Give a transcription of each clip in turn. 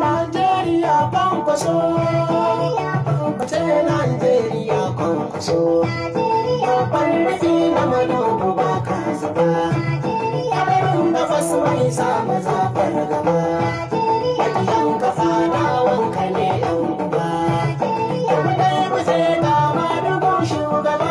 Najeriya kwankwaso ce Najeriya kwankwaso babban rufi na manobu ba kasa ba labarin da mai sa maza fargaba wakilan ka fada wanka ne yan uba yau dai ku ce shugaba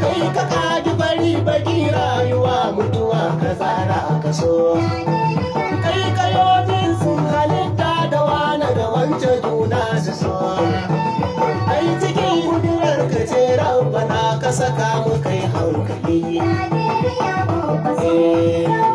kai ka kaji bari baki rayuwa mutuwa ka tsara ka so kai ka yo jinsin halitta da wane da wance juna su so ai cikin kudurar ka ce rabbana ka saka mu kai hankali eh.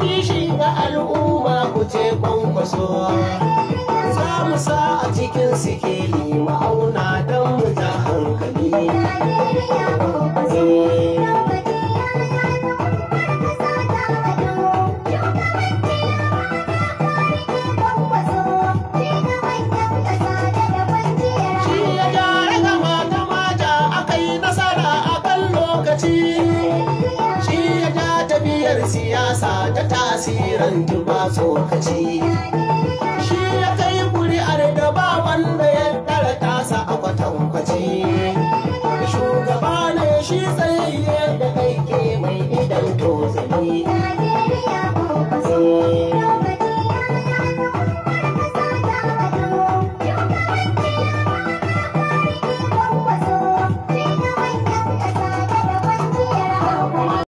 kishi ga al'umma ku ce kwankwaso za mu sa a cikin sikeli siyasa ta tasirin ba tsokaci.